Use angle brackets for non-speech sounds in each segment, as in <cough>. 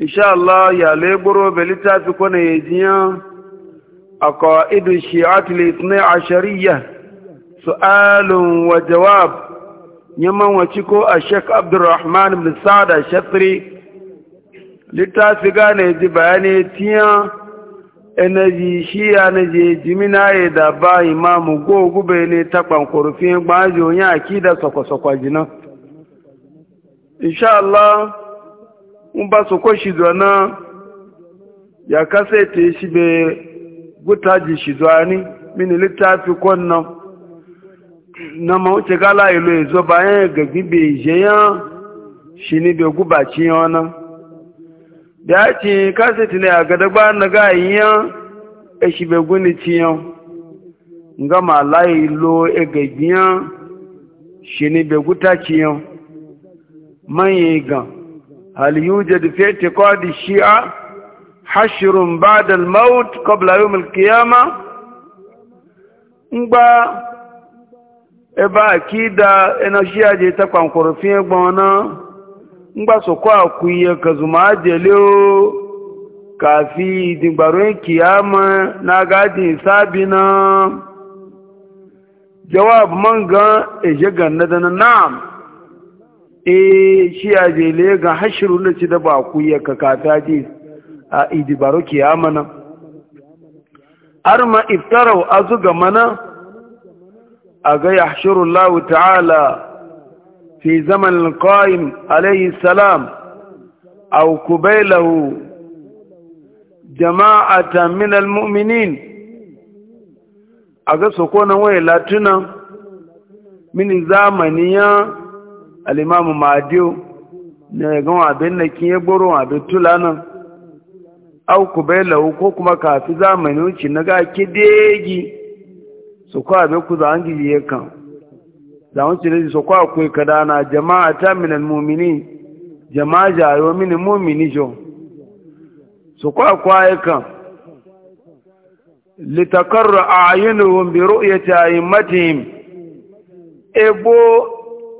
insha Allah ya leburo be littafi ko ne jiya aqaidu shi'at al-ithna ashariyya su'alun wa jawab yaman wace ko a Sheikh Abdulrahman ibn Sa'd al-Shatri littafi gane ji bayani tiya enaji shiya na je jimina ya da ba imamu gogu bai ne ta kwankurfin gbajo ya akida sokwa-sokwa insha Allah in ba su ko shi zuwa ya kasa ta yi shi bai guta ji shi zuwa ni na mawuce gala ilo ya zo bayan ga gibe jeyan shi ni bai gubaci yana da ya ce kasa ta ne a gadagba na gayiyan e e ya shi bai guni ciyan gama layi lo ya gagiyan shi ni bai guta gan هل يوجد في اعتقاد الشيعة حشر بعد الموت قبل يوم القيامة نبا eba akida ina shi aje ta kwankwarfin gbona ngba so ko akuye ka zuma ajele o kafi digbarun kiyama na gadi sabina jawab man ga eje ganna da e shi a jele ga hashiru na ci da ba ku ya kakata ji a idibaro ki nan mana. Arma iftarau a zuga mana a ga ya hashiru Allah ta'ala fi zaman qaim alayhi salam aw kubailahu jama'atan min almu'minin a ga sokonan waye latuna min zamaniya alimamu madiyo ne ga abin na kin yaboro abin tulanan au ku bai lau ko kuma kafi zamani wuce na ga ke kidegi su kwa abin ku za an gijiye kan da wuce da su kwa kada na jama'a ta minal mumini jama'a jayo mini mumini jo su kwa kwa ya kan litakarra a ayyunuhun bi ru'yata ayyimatihim ebo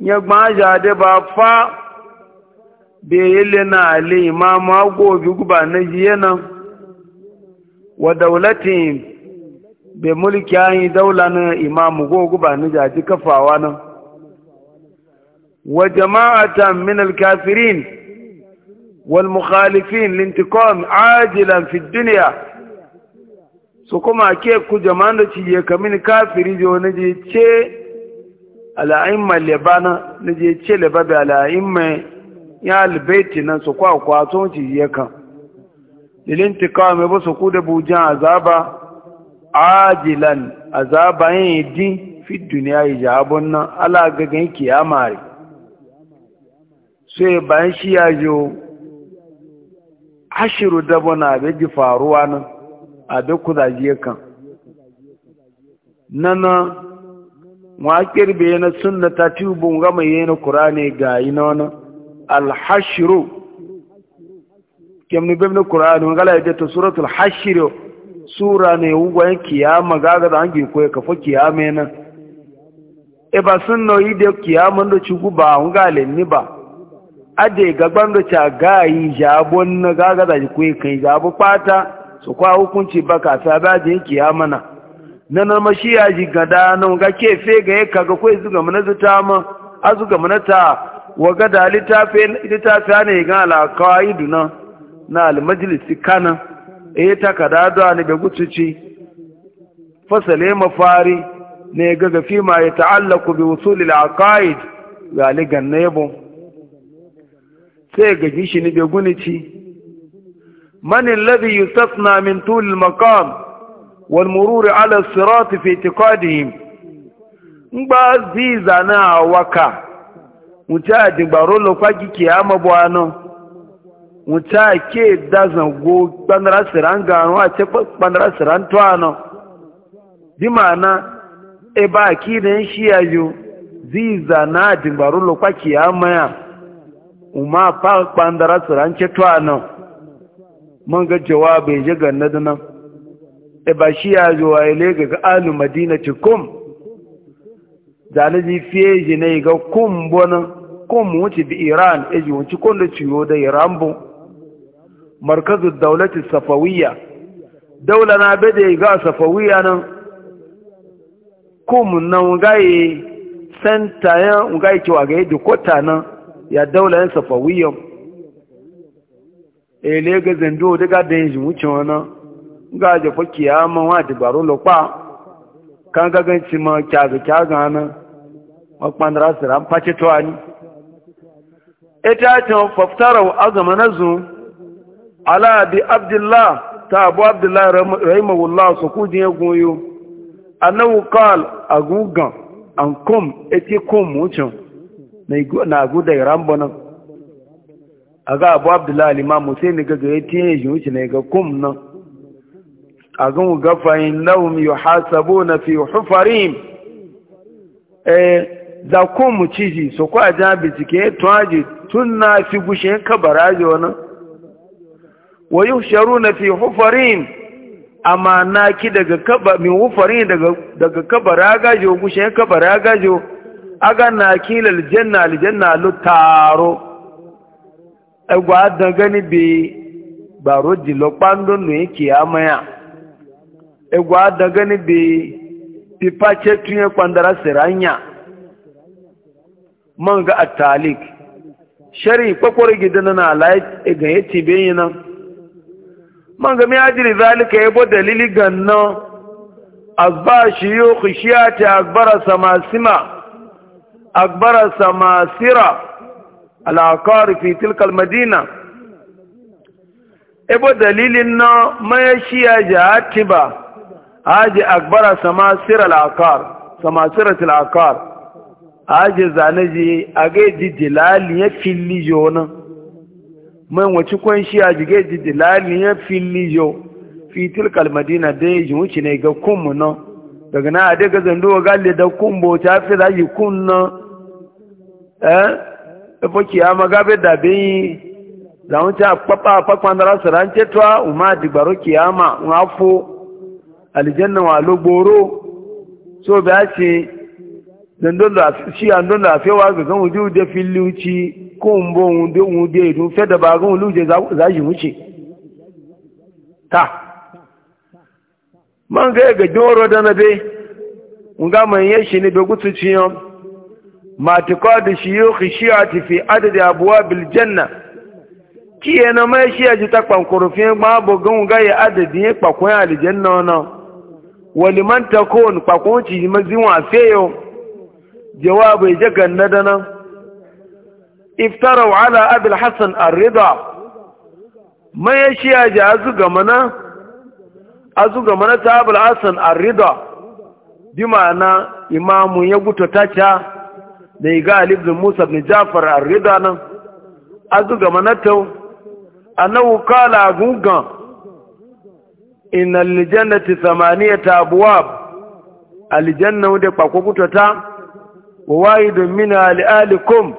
ya gbaja da ba fa beyele na ali imamu agobi guba na na wa daulatin be mulki an yi daula na imamu guba na jaji kafawa na? wa jama'atan min al-kafirin wal mukhalifin lintikom ajilan fi dunya su kuma ke ku jama'an da ye kamin kafiri jo na je ce ala'imma lebana na je ce leba da ala'imma ya albaiti nan su kwa kwaton ci ya kan lilin tikawa mai basu ku da bujan azaba ajilan azaba yin di fi duniya yi jabon nan ala gagan kiyama re sai bayan shi ya jo ashiru na abin ji faruwa nan abin kuzaji ya na na. wakir be na sunna ta ci bunga mai yana qur'ani ga ina wana al-hashru kemni be na qur'ani ngala da to suratul hashru sura ne ugwa kiyama gaga da angi ko ka fa kiyama na e ba sunno ide kiyama ndo ci guba ngale ni ba ade gagban do cha gayi jabon na gaga da ku kai gabu pata su kwa hukunci baka ta bajin kiyama na na shi ya ji gada na ga kefe ga ya kaga kwai zuga mana zuta ma a zuga mana ta wa gada littafi yi ga alakawa iduna na almajalisi kana e ta kada da ne ga gutuci fasale mafari ne ga gafi ma ya ku bi wusuli ga aqaid na yabo sai ga gishi ne ga gunici man alladhi yustasna min tul makam. والمرور على الصراط في اعتقادهم ngba ziza na waka wuta digbaro lo faji ama amabo ano wuta ke dazan go bandara siranga anu a ce bandara siran to ano bi mana e ba ki den shi ayu ziza na digbaro lokwa ki ama ya uma pa bandara siran ce to ano mun ga jawabe je ganna dinan e ba shi ya zo wa ile ga alu madinati kum da na ji fiye ji ne ga kum bona kum wuce bi iran e ji wuce kun da ciyo da iran bu markazu daulati safawiya daula na bade ga safawiya nan kum nan gaye santa ya ngai ci wa gaye dukota nan ya daula safawiya e le ga zando daga da yin wuce wannan nga je fa kiyama wa dibaru lo pa kan ga gan ci ma kya ga kya ga na wa pandra siran pace to ani ita ta faftara azama nazu ala bi abdullah ta abu abdullah rahimahullah su kujin ya goyo annahu qal agugan an kum eti kum mucin na guda rambo nan aga abu abdullah al-imam sai ga ga eti yin shi ne ga kum nan agun gafayin nahum yuhasabuna fi hufarim e za ku mu ciji so ko aja bitike twaji tun na fi gushe kabaraje wani wa na fi hufarim amma na ki daga kaba min hufarim daga daga kabara gajo gushe kabara gajo aga na kilal janna aljanna lutaro egwa dan gani bi baro jilo pandon ne kiyamaya egwa da gani be pipa ce tunye kwandara siranya man atalik shari kwakwar gidan na alayi ga ya tibe yi nan man ga miyajiri zalika ya bo dalili gannan azba shi yi kushiya ta agbara samasima agbara samasira alakari fi tilkal madina ebo dalilin na mayashi ya ja ba aji akbara samasir al'akar samasirat al'akar aji zanaji age dilali ya fili jonan man wace kwanshi aji ge dilali ya fili jo fitil kalmadina da ya ji wuce ne ga kunmu nan daga na ade ga ga le da kunbo ta fi da yi kun nan eh ifo e kiyama be da bayin zawon ta kpapa kpakpa ndara sara n tetwa umar digbaro kiyama nwa fo. aljanna wa lo boro so a ce shi an don da fewa ga kan wuju da ko n bo wunde de idun fe da ba gan je za yi wuce ta man ga ga doro da na be nga man shi ne be gutu ciyon ma taqadu a ti fi adad abwab janna ki na mai shi ya ji ta kwankurufin ma bo gan ga ya adadin ya kwakwan aljanna na waliman ta kowane kwakwanci mazinwa yau? jawabu ya jagan na danan iftarau ala abil hassan arrida mai shi ya ji azuga mana azuga mana ta abil hassan arrida bi ma'ana imamu ya guta taca da iga alif musa da jafar arrida nan azuga mana ta annahu kala gungan in aljannati thamaniyata abwab aljanna ude kwa kokutota wawaidu min alikum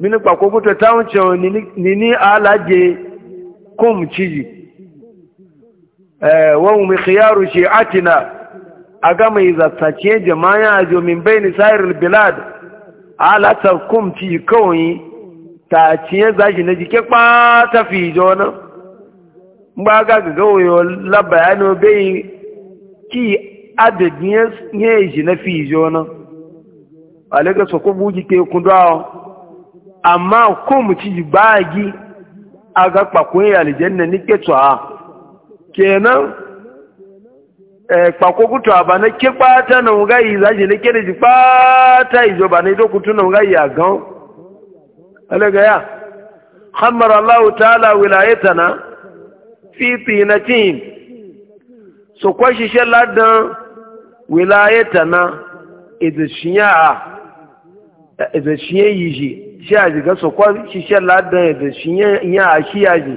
min kwa kokutota uncho nini, nini alaje kum chiji eh wa hum khiyaru shi'atina agama iza tsace jama'a ajo min baini sairil bilad ala ta kum chiji kawai ta ciye zaji na jike pa ta fi jona mgbe aga gaga wayo laba ya na obeyi ki adadi ihe eji na fi iji ọnụ alaga sokwa buji ke kundu ahụ amma ko mu ci baagi aga kpakwe ya aljanna ni ketu a kena eh kpakwo kutu aba na ke kpata na nga yi zaji ne kere ji kpata ijo ba ne do kutu na nga yi agan alaga ya khamara allah ta'ala wilayatana fi tinatin so kwashi shaladan wilayatana idashiya idashiya yiji shi a jiga so kwashi shaladan idashiya ya a shi a ji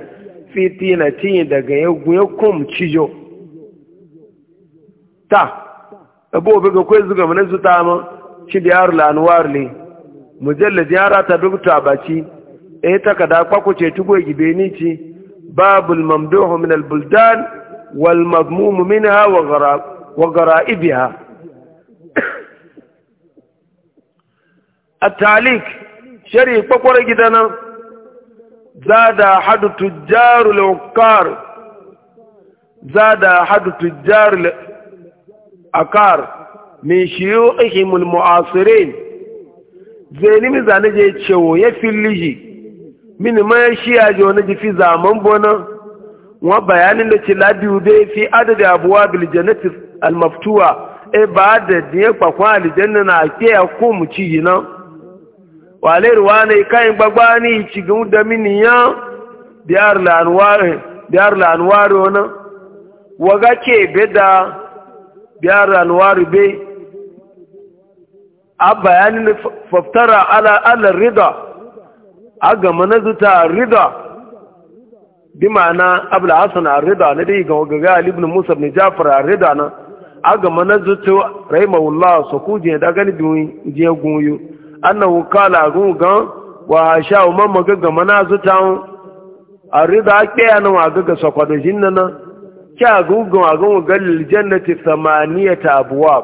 fi tinatin daga ya ya kum cijo ta abu obi ga kwai zuga mana zuta ma shi da yaro lanuwar ne mujallad yara ta duk tabaci eh takada gibe ni ci باب الممدوح من البلدان والمضموم منها وغرائبها التعليق شريف بقرة جدنا زاد أحد تجار العقار زاد أحد تجار العقار من شيوخهم المعاصرين زيني مزانجي تشوي في اللجي mini ma ya shi yaji wani jifi zaman bonan wa bayanin da ce labiyu dai fi adadi abuwa janatis almaftuwa e ba da diya kwakwa aljanna na ake ya ko mu ci yi nan wale na yi kayan gbagba ni ci gun da mini ya biyar lanuwari biyar lanuwari wani waga ke beda biyar lanuwari be a bayanin faftara ala ala rida aga mana zuta rida bi ma'ana abul hasan rida na dai ga ga ali ibn musa ibn jafar rida na aga mana zuta rahimahullah so ku je da gani bi je gunyu annahu qala ga, wa sha umman maga ga mana zuta A rida ke yana wa ga sakwado jinna na kya gungun a gungun ga liljannati ta abuwab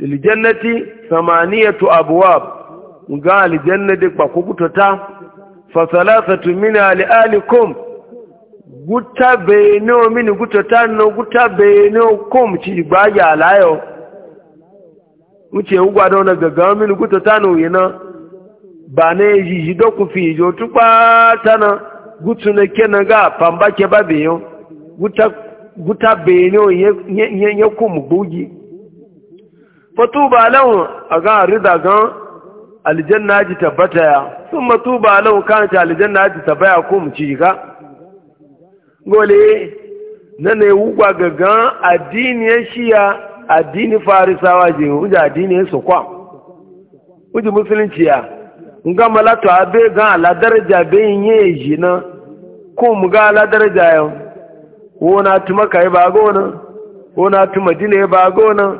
liljannati ta abuwab ga aljanna da ba ku ta fa salasatu min ali alikum guta beno min gutata no guta beno kom ci ba ya layo uce ugwa don gaga min gutata no yana ba ne yi yi doku fi jo tupa tana gutu ne kenan ga pamba ke ba beyo guta guta beno ye ye kom gbogi fatuba lahum aga rida gan aljanna ji tabbata ya sun matu ba kan ta aljanna ji tabbaya ko mu ci ka gole na ne wugwa addini ya shiya addini farisawa je wuja addini su kwa wuji musulunci ya nga malato abe gan ala daraja be yin yi na ko mu ga ala daraja yau wona tuma kai ba gona wona tuma dine ba gona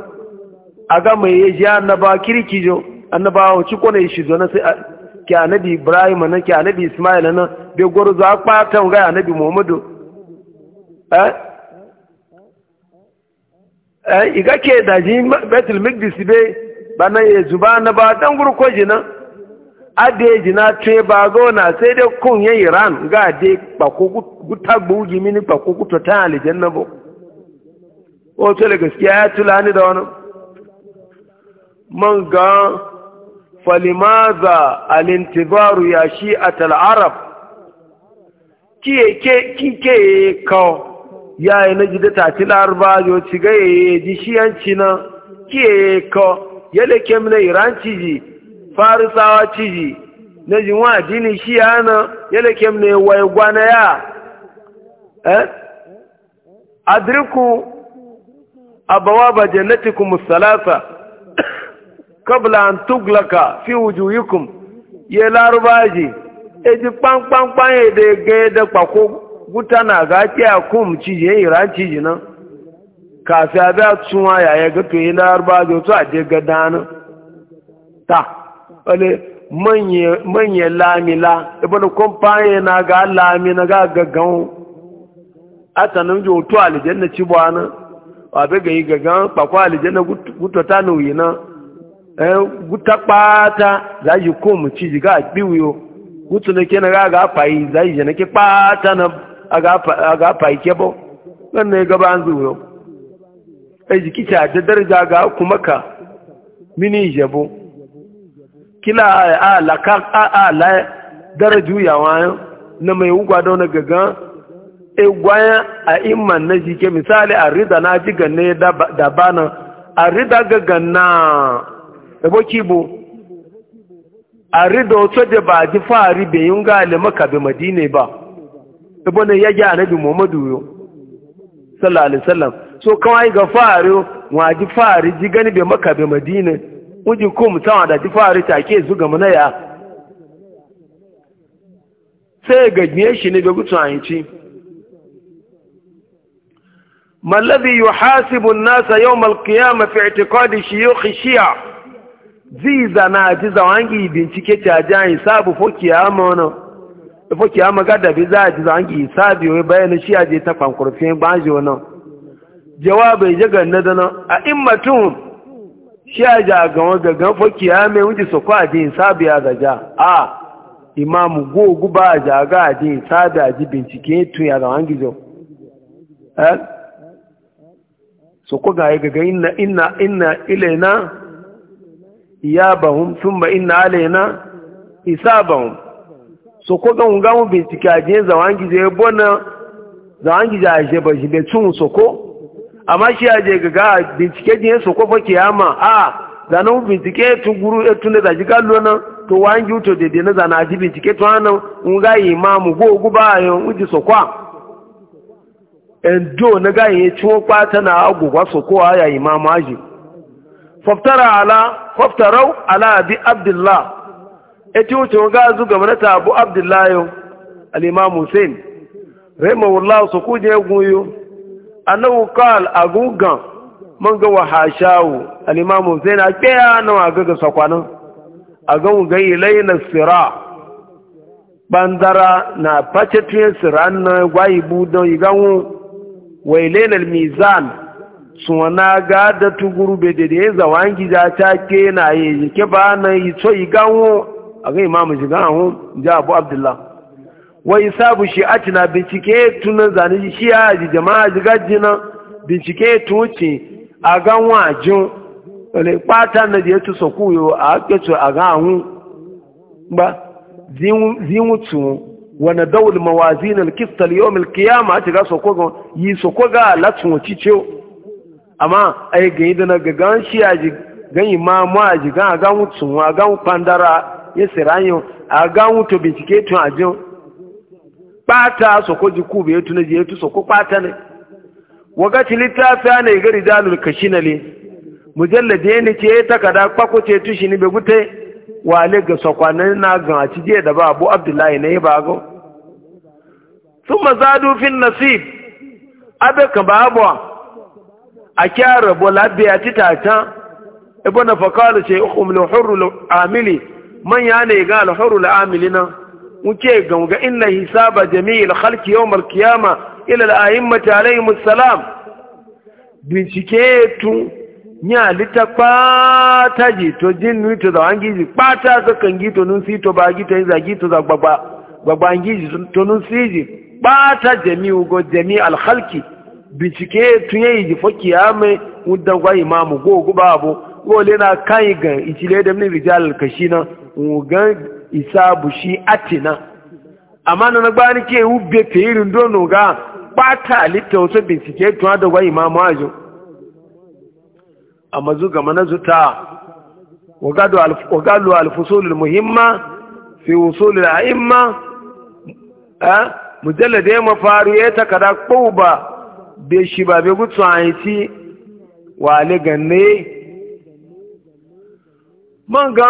aga mai yaji annaba kirki jo annabawa ci kone shi zo na sai ke annabi ibrahim na ke annabi ismail na be goro a kpatan ga annabi muhammadu eh eh iga ke daji betul maqdis be bana ya zuba na ba dan guru ko jina ade jina tre ba go na sai dai kun ye iran ga de pako mini ba ko guta ta aljanna bo o tele gaskiya ya tulani da wani man ga falimaza alintibaru ya shi a tal'arab kike kawo ya yi na gida tafi larba yau ci ga yaye ji shi shiyanci na kiye kawo yadda kem na iran ciji farisawa ciji na jinwa jini shi na yadda kem na waye gwana ya eh adriku abawa ba jannatikum salasa kabla an tuglaka fi wujuhikum ye larubaji e ji pankpankpan ye de ge da kpako guta na ga ke akum ci ye ira ci jina kafi abi atuwa ya ya ga to ye larubaji to a je ga dana ta wale manye manye lamila ibn e kompanye na ga lami na ga gaggan atanin jo to aljanna ci bwana abi ga yi gaggan kpako aljanna gutota yi na guta kpata za yi ko mu ci ga biwiyo gutu na ke na ga ga fayi za yi jana ke kpata na ga fayi ke bo nan ne gaba an zuwa ai jiki ta da daraja ga kuma ka mini jabo kila a la ka a la daraju ya wa na mai ugwa da na gaga e gwaya a imman na jike misali a rida na ji ganne da na a rida gaga na ebo kibo a rida wato da ba ji fari bai yin gali maka bai madina ba ebo ne ya ji anabi muhammadu yo sallallahu alaihi wasallam so kawai ga fari wa ji fari ji gani bai maka bai madina uji kum sama da ji ta ke zuga mana ya sai ga gniye shi ne bai gutu an ci ما الذي يحاسب الناس يوم القيامة في اعتقاد شيوخ الشيعة zai zana ji zawangi bincike ta jayin sabu foki ya mana foki ya maga da bi za a ji zawangi sabi wai bayan shi a je ta kwankurfin gbaji wani jawabai je ganna da a in mutum shi a ja ga wani gaggan foki ya mai wuce su kwa je sabi ya zaja a imamu gogu ba a ja eh? ga a a ji bincike tun ya zawangi zo so ko ga ya gaga inna inna inna ilaina iyabahum thumma inna alaina isabahum so ko ga ngamu bincike aje zawangi je bona zawangi je aje ba shi be tun soko amma shi aje ga ga bincike je soko fa kiyama a zanu bincike tu guru etu eh, ne da jiga lona to wangi uto de de na zana ji bincike to ana nga imamu go guba yo uji sokwa endo na ga yi ciwo kwata na agugwa soko aya imamu aji faftara ala faftarau ala bi abdullah eti wuce ga abu abdullah hussein rahimahullah su kuje man ga wahashawu hussein a kiya na waga ga sakwanin a ga sira bandara na pachetin siran na mizan suna ga da tugurube da da ya zawa gida ta ke na yi jike ba na yi to yi ganwo a ga imamu shiga hannu ja abu abdullah wa sabu shi a cina bincike tunan zane shi ya ji jama'a ji nan bincike tuce a ganwa jin wale kpata na da ya tu sokuyo a haketu a ga hannu ba zinwutu wani daul mawazin alkistal yau milkiyama a shiga sokogon yi sokoga latin wacicewa amma yi ga da dana gagan shi a ji gan mu a ji gan a gan wutsun a gan kwandara ya sirayi a gan wuto bincike tun a jin bata soko ji kube ya tuna ji ya tu soko bata ne wagaci littafi ana yi gari le. kashinale mujallade ya ne ce ya takada kwako ce tushi ne bai gute wale ga sakwanin na gan a cije da ba abu abdullahi na yi ba go sun mazadu fin nasib abe ka ba abuwa a kyara a tita ta ibo na fakalu ce hurru hurul amili manya ne ga alhurul amili na muke ga inna hisaba jami'il khalqi al qiyama ila al-a'immati alayhim salam bincike tu nya litapa taji to jinnu to da angiji pata ka kangi to nun si to bagi to zagi to za gbagba gbagba angiji to nun siji pata jami'u go jami'al khalqi bincike tuye yi fa kiyame mudan gwa imamu go guba abu go le na kai ga itile da ni rijal na ugan isabu shi atina amma na gba ni ke u be tirin dono ga bata litta wasu bincike tuwa da gwa imamu ajo amma zu ga manazu ta wagalu alfusul muhimma fi usul al'imma eh mujallad ya ya takada be shi ba be gutsu an wa wale ganne man ga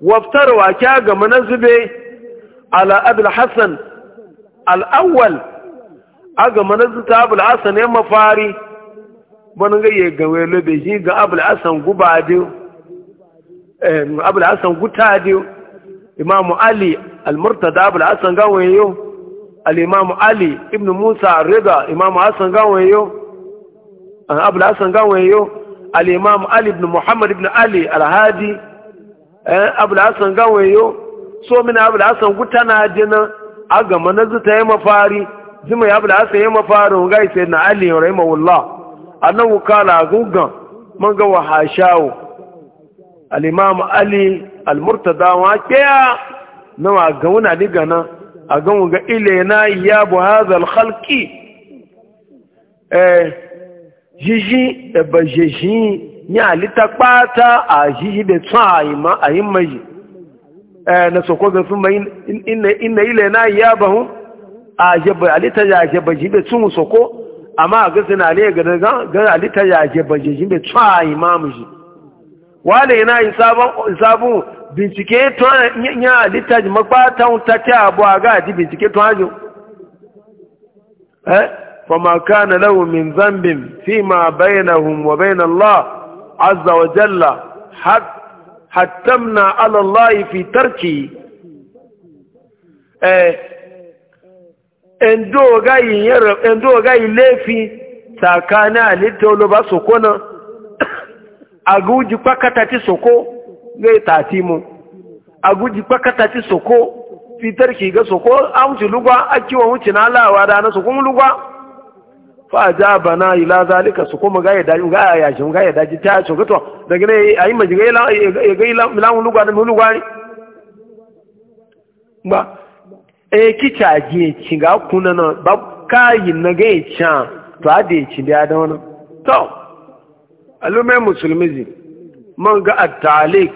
wa kya ga manazube ala abul hasan al'awwal aga manazuta abul hasan ya mafari man ga ga welo be shi ga abul hasan guba eh abul hasan guta Imam imamu ali al-murtada abul hasan ga yau al'imamu ali ibn musa rida imamu hassan gawayo abu hassan gawayo al'imamu ali ibn muhammad ibn ali al-Hadi? an eh, abu hassan gawayo so mina abu hassan gutana jina a gama na zuta ya mafari zima ya abu hassan ya mafari ga isa na ali ya rahima wullah annan wukala gugan man gawa wa hashawo al'imamu ali al-murtada wa kya na wa gauna diga nan a gan ga ilena ya bu hazal halki eh, jiji e ba jiji ni alita kpata a jiji da tun a yi maji eh, na soko ga sun mai ina ilena ya ba hun a jaba alita ya da tun soko amma a na ga alita ya jiji da tun a yi bincike to ya halitta ji makwatan ta ce abu a ga ji bincike to hajo eh fama kana lahu min zambin fi ma bainahum wa bain Allah azza wa jalla hattamna ala Allah fi tarki eh endo ga yiyar endo ga ilefi tsakana halitta lo ba sokona <coughs> aguji pakata ti soko zai tati mu a guji kwakata ci soko fitar ki ga soko an wuce lugwa a kiwon wuce na lawa da na sokon lugwa fa a ja bana ila zalika su kuma ga ya daji ga ya shi ga ya daji ta so gato daga ne ayi maji ga ila ga ila milan lugwa da lugwa ne ba e kicha ji ci ga kuna na ba kai na ga ya cha to a ade ci da da wannan to alumai musulmi man ga at-talik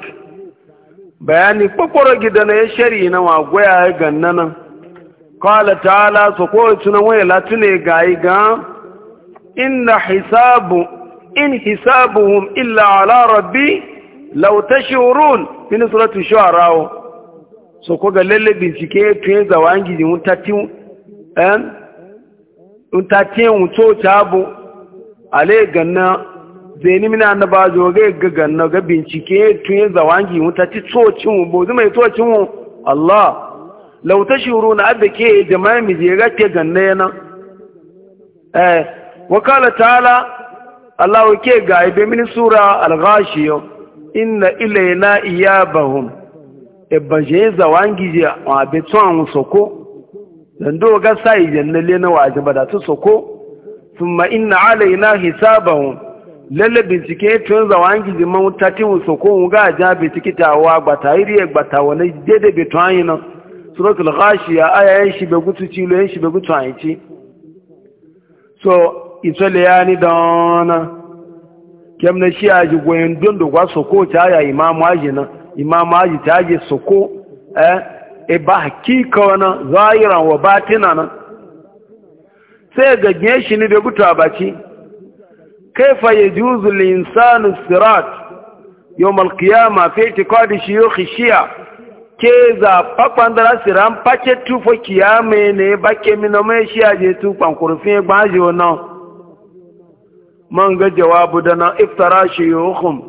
bayani kokoro gidana ya shari na wa goya ya ganna gannanan qala ta'ala so ko tunan waya latune yi ga inna hisabu in hisabuhum illa ala rabbi law tashurun min suratu shu'ara so ko ga lalle bincike tun zawangi din mutatin en eh? mutatin wuto tabu ale ganna zeni mina na ba zo ga ga ganna ga bincike tun yin zawangi wuta ci tsocin wu bozu mai tsocin wu Allah lauta shuru na abda ke jama'a mi je ga ke ganna yana eh wakala ta'ala Allah ke ga ibe min sura al-ghashiyo inna ilayna iyabahum ebaje zawangi je a be an soko dan do ga sai jannalle na wajiba da su soko thumma inna alaina hisabahum lalle bincike tun zawan gizi man tati wuso ko mu ga ja bincike ta wa gbata iri gbata wani dede be twan yin suratul ghashiya aya yin shi be gutu ci lo yin shi be gutu an ci so itole ya ni dona kem na shi aji goyen don do kwa soko ta aya imamu aji na imamu aji ta aji soko eh e ba hakika wana zahiran wa batina na sai ga shi ni bai gutu abaci كيف يجوز الإنسان الصراط يوم القيامة في اعتقاد شيوخ الشيعة كيزا فقوان درا سيران باكي توفو كيامي ني باكي من نمي شيعة جيتو فانكرفين باجي man ga jawabu da iftara shi hukum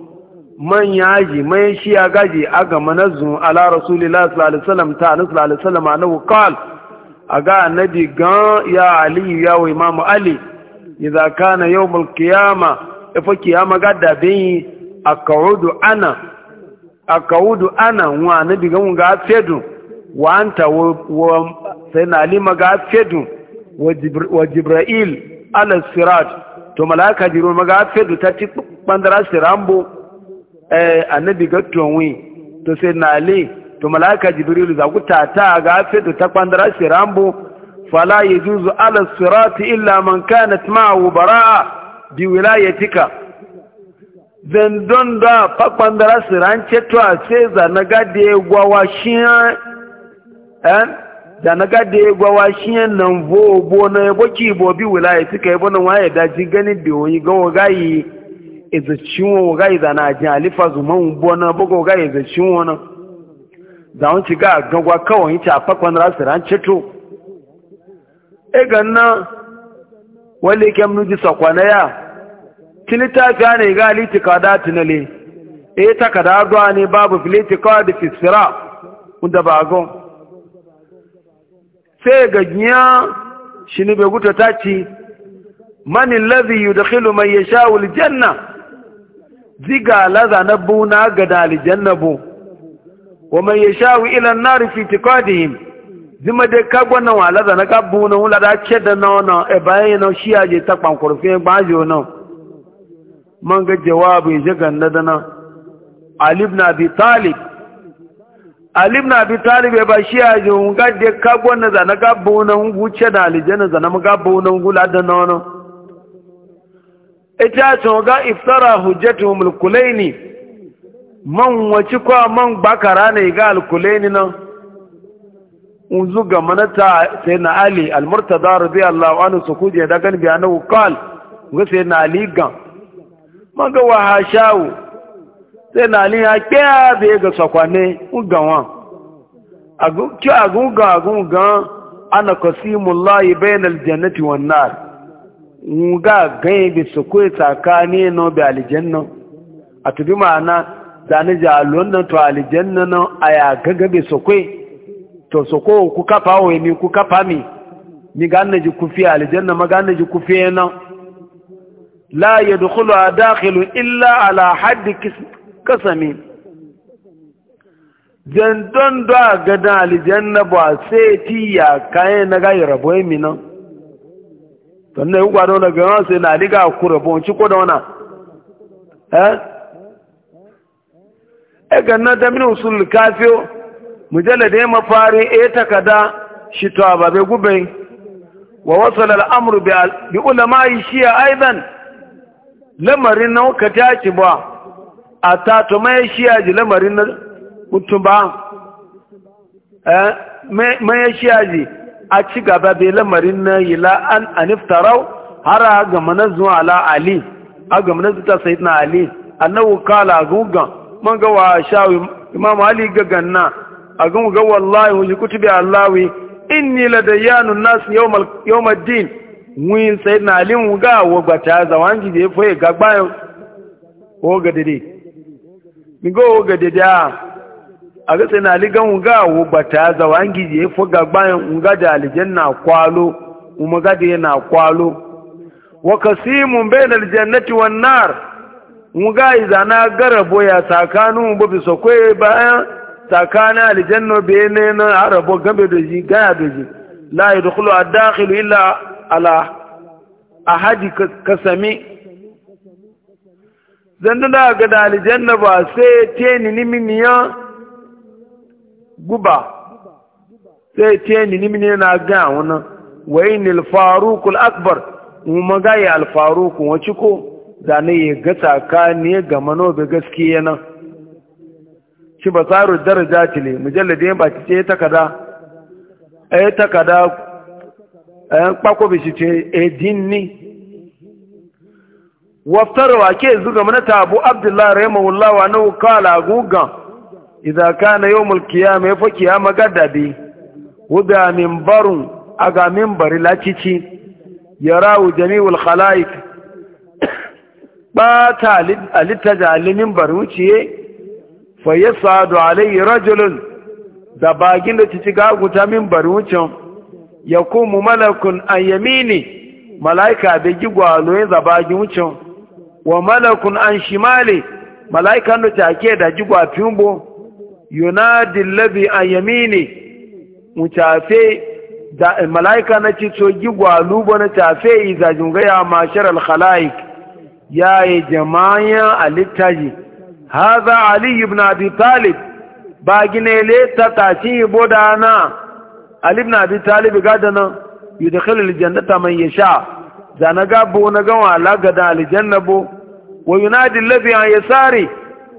man yaji man shi ya gaji a ga manazun ala rasulillah sallallahu alaihi wasallam ta annabi sallallahu alaihi wasallam annahu qal aga annabi gan ya ali ya wa imam ali idza kana yawmul qiyama ifo kiyama gadda akaudu ana akaudu ana wa nabi ga fedu wa anta wa sayyidina ali ma ga fedu wa jibril ala sirat to malaka jiro ma ga fedu ta ti bandara sirambo eh annabi ga tonwi to sayyidina ali to malaka jibril za ku ta ta ga fedu ta bandara sirambo fala yajuzu ala sirati illa man kanat ma'ahu bara'a bi wilayatika dan don da fakpan da rasiran ceto a sai za na gade gwawa shiyan eh da na gade gwawa shiyan nan bo bo na yabo ki bo bi wilayatika yi nan waye da ji ganin da yoyi ga wagayi iza ciwo wagayi da na ji alifa zuman bo na bugo wagayi iza ciwo na da wanci ga gagwa kawai ta fakpan da rasiran ceto e ganna wale kem nuji sakwana ya tilita ga ne ga litika da tinale e takada duwa ne babu filitika da fisira wanda ba go. sai ga giya shi ne bai guta ta ci mani lazi yudkhilu man yasha'u aljanna ziga laza na ga da janna bu wa man yasha'u ila an-nar fi tiqadihim zima de ka gbɔ na wala zana ka bu na wula da cɛ e e e da na na e yi na shi aje ta kpankoro fiye ba yi na manga ga jawabu je ga na dana ali ibn abi talib ali ibn abi talib e ba shi aje un ga de ka gbɔ na zana ka bu na gu da ali je na zana mu bu na un la da na na ita sun ga iftara hujjatu kulaini man wace kwa man gbakara ne ga alkulaini unzu ga manata sai na ali almurtada radiyallahu anhu su kuje da gan biya nahu qal ga sai na ali gan ga wa hashawu sai na ali ya kiya be ga sakwane ugawa agun ki agun ga agun gan ana qasimullahi bainal jannati wan nar nga gan bi su kuje tsakani na bi aljanna atubi ma'ana zani jalon nan to aljanna ya gaga gagabe su kuje to so ko ku kafa wa mi ku kafa mi mi ganna ji ku fi aljanna ma ganna ji ku fi nan la yadkhulu dakhilu illa ala hadd kasami zan don da ga dan aljanna ba sai ti ya kai na ga rabo mi nan to ne ku gwado na ga sai na liga ku rabo ci ko da wana eh e ganna da min usul kafiyo Mujalla da mujalladai mafari e eh, takada shi to babe gube wa wasala al'amru bi ulama'i shiya aidan lamarin na ka tashi ba a tato mai shiya ji lamarin na mutu ba eh, mai shiya ji a ci gaba bai lamarin na yi la'an aniftarau har a gama na zuwa ala ali a gama na zuta sayid na ali annabu kala gugan man gawa shawi imam ali gagan na a gan ga wallahi hun jikuti bi in ni ladayyanun nasu yawmal yawmad sai win sayyidina ali hun ga wo gbata zawangi be foye gagba wo gadede mi go wo gadede a a ga sayyidina ali gan hun ga wo gbata zawangi be fo gagba hun ga da na kwalo kuma ga da yana kwalo wa kasimun bainal jannati wan nar mu ga izana garabo ya sakanu bu bi sokwe bayan tsakanin aljanna bene na arabo gabe da ji gaya da ji la yadkhulu ad-dakhil illa ala ahadi kasami zan da ga da aljanna ba sai teni ni niminiya guba sai teni ni niminiya na ga wannan wa inil faruq akbar mu magaye al-faruq wace ko da ne ga tsakani ga manobe gaskiya nan shi basaru darajati ne mujalladin ba ce takada eh takada eh, eh kwako bi shi ce edinni eh, waftarwa ke zuga mana tabu abdullahi rahimahullah wa nahu qala guga idza kana yawmul qiyamah fa qiyama gadabi wuda minbarun aga minbari lacici yarawu jami'ul khalaiq <coughs> ba ta alitta bari wuce. fa sa’adu alayhi rajulun da bagin da cici gaguta min barucin ya kuma malakun an yamini malaika da gigwalo da bagin wucin wa malakun an shimali malaika da take da gigwa fimbo yunadi labi an yamini mutafe da malaika na cito gigwa lubo na tafe izajin gaya mashar alkhalaik ya yi a alittaji haza ali ibn abi talib ba gine le ta kaci bodana ali ibn abi talib ga da nan yudkhilul jannata man yasha da na ga bo na ga wala gada da aljanna bo wa yunadi alladhi an yasari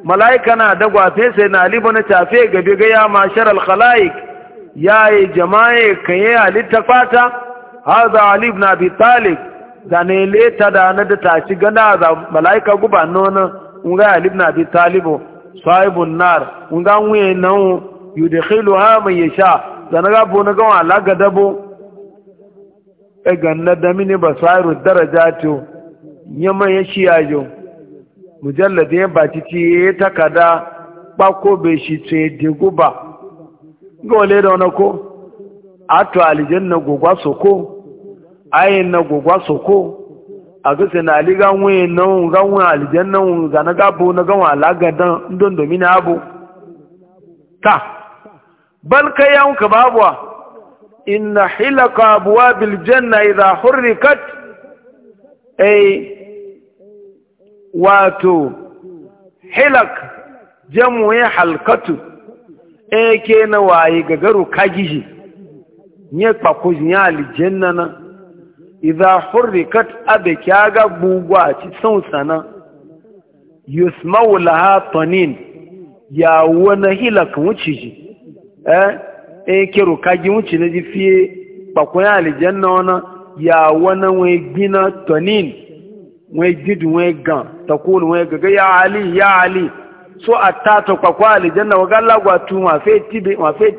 malaika na dagwa gwafe sai na ali bana tafe gabe ga ya mashar al khalaiq ya yi jama'a kaye ali ta fata haza ali ibn abi talib da ne le ta da na da tashi gana za malaika guba nono nga ali ibn abi talib sahibun nar nga wuye nan ha man yasha zanaga bo na ga ala gadabo e ganna da mini basairu darajatu yamma ya ajo mujalladi ya baci ci takada bako be shi ce diguba gole da wani ko ato aljanna gogwa soko ayin na gogwa soko a ga sai na ganwe nan ganwe alijan nan ga na gabo na ganwa lagadan don domina abu ta bal kai yawon ka babuwa inna hilaka abuwa biljanna idha hurrikat ay wato hilak jamu ya halkatu e ke na waye gagaru kagishi nye kpakuzi ya alijanna na Iza hurrikat abika ga a ci sun sana yusmau laha tonin. ya wani hilak wuce ji eh eh kiro kagi wuce na ji fiye bakwai na wana ya wani wai gina tonin. wai gidi wai gan ta kone wai gaga ya ali ya ali so a tata kwakwa alijanna wa galla gwatu mafe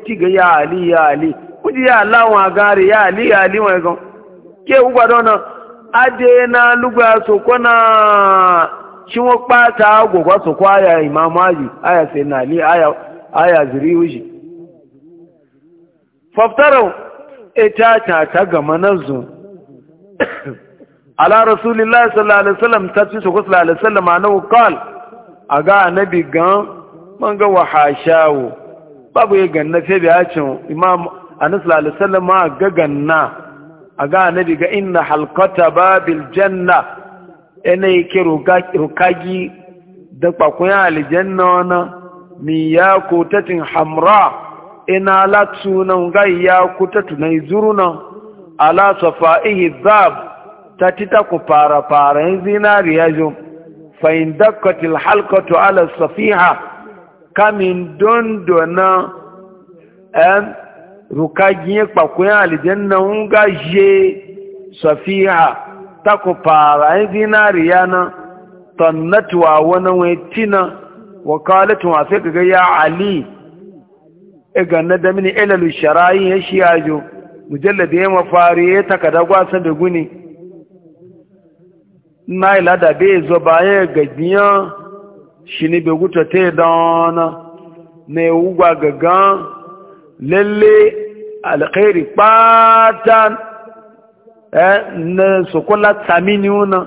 tiga ya ali ya ali kuji ya lawan gari ya ali ya ali wai gan ke ugba dona ade na lugba so na shi won pata agogwa so kwa aya imam ali aya sai na ali aya aya zuriuji faftaro ita e ta ta gama nan zo ala rasulillahi sallallahu alaihi wasallam ta ci soko sallallahu alaihi wasallam anahu qal aga annabi gan man ga wahashawo babu ya ganna sai biya cin imam anas sallallahu alaihi wasallam ga ganna a ga annabi ga inna halkata babil janna ina yake rukagi da kwakwunya aljanna wana mi ya kutatin hamra ina latsu nan ga ya kutatu na izuruna ala safa'ihi zab ta tita ku fara fara yin zinariya jo fa in dakkatil halkatu ala safiha kamin dondona dona rukagiye kpakuyan alijanna n je safiha tako para yin eh, zinariya na tannatuwa wani wetina wakalatun a sai kaga ya ali e na da mini lu shara'i eh, ya shi ajo mujallada ya mafari ya eh, takada gwasa da guni na da bai zo baye ga shi ne bai guta te dana na ya gagan lalle alkhairi patan na sokola tsamini wuna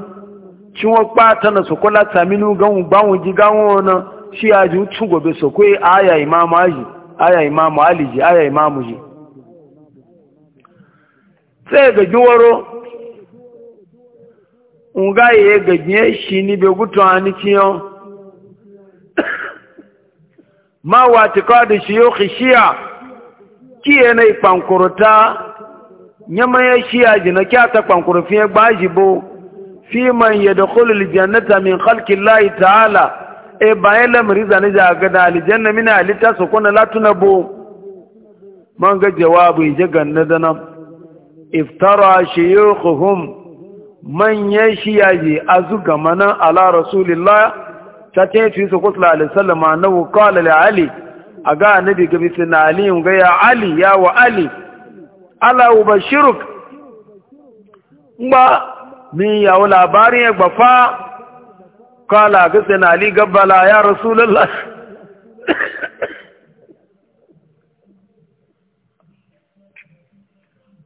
cin wa patan na sokola tsamini ganwu bawon ji ganwu wuna shi ya ji gobe sokwe aya imamu aji aya imamu aliji aya imamu ji sai ga giwaro nga ye gajiye shi ni be gutu ani ciyo ma wa tikadu shiyukhi shi'a Ki kiye na ikpankuruta nyama ya shiya jina kya ta kwankuru fiye gbaji bo fi man ya da kulul jannata min halkin layi ta'ala e bayan lamari zane ja ga da alijanna mina halitta su kuna latuna bo man ga jawabu ya ganna da nan iftara shiyukuhum man ya shiya ji a zuga ala rasulillah ta ce su kusla alisalama na wukala ali a ga annabi ga bisu na ali ga ya ali ya wa ali ala ubashiruk ba min yawo labarin ya gbafa kala ga sai na ali gabbala ya rasulullah